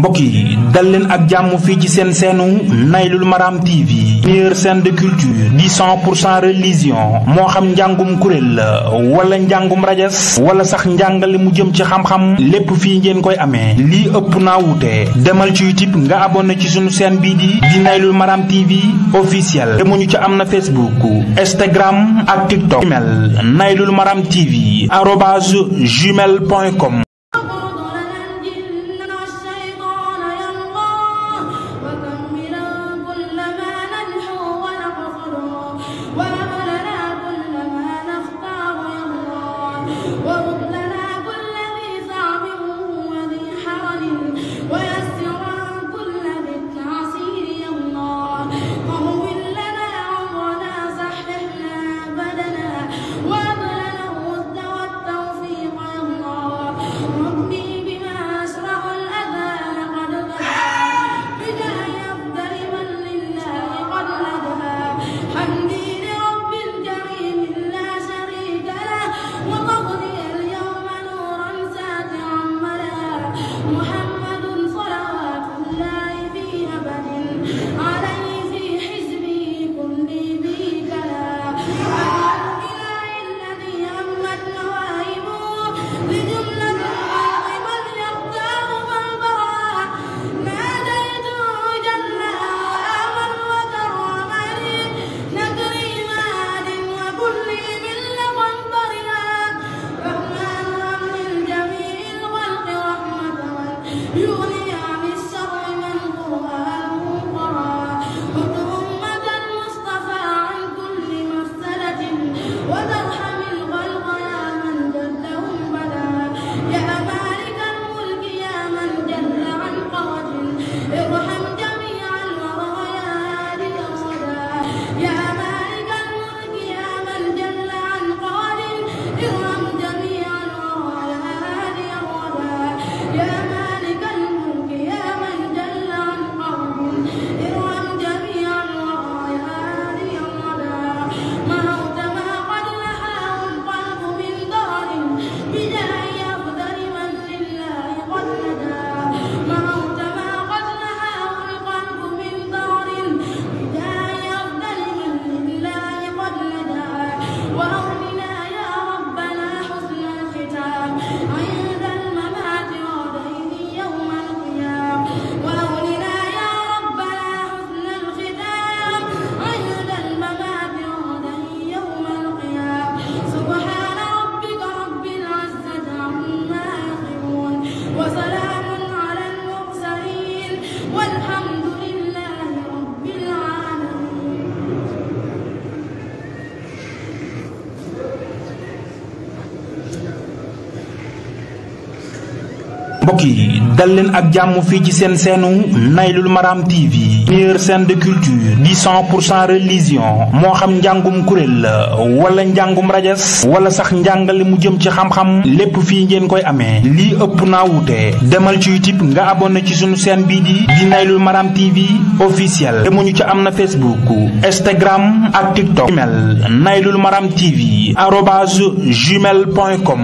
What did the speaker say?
Boki, dalen ak jàmm fi ci sen Nailul Maram TV meilleure scène de culture 100% religion mo xam njàngum kurel wala njàngum rajas wala sax njàngale mu jëm ci xam-xam lepp fi ngeen koy amé li ëpp na wuté demal ci YouTube nga abonné ci sunu chaîne bi di di Maram TV officiel demu ñu ci amna Facebook Instagram ak TikTok email Nailul Maram TV arobase You only mbokk yi dal leen ak jàmm fii ci seen seenu Naylul Maram TV meilleure chaîne de culture 100% religion moo xam njàngum kuréel la wala njàngum rajas wala sax njàngale mu jëm ci xam-xam lépp fii ngeen koy amee lii ëpp naa demal ci YouTube nga abonné ci sunu chaîne bii di di Maram TV officiel demuñu ci am na Facebook Instagram ak TikTok email Naylul Maram TV arobase jumel point com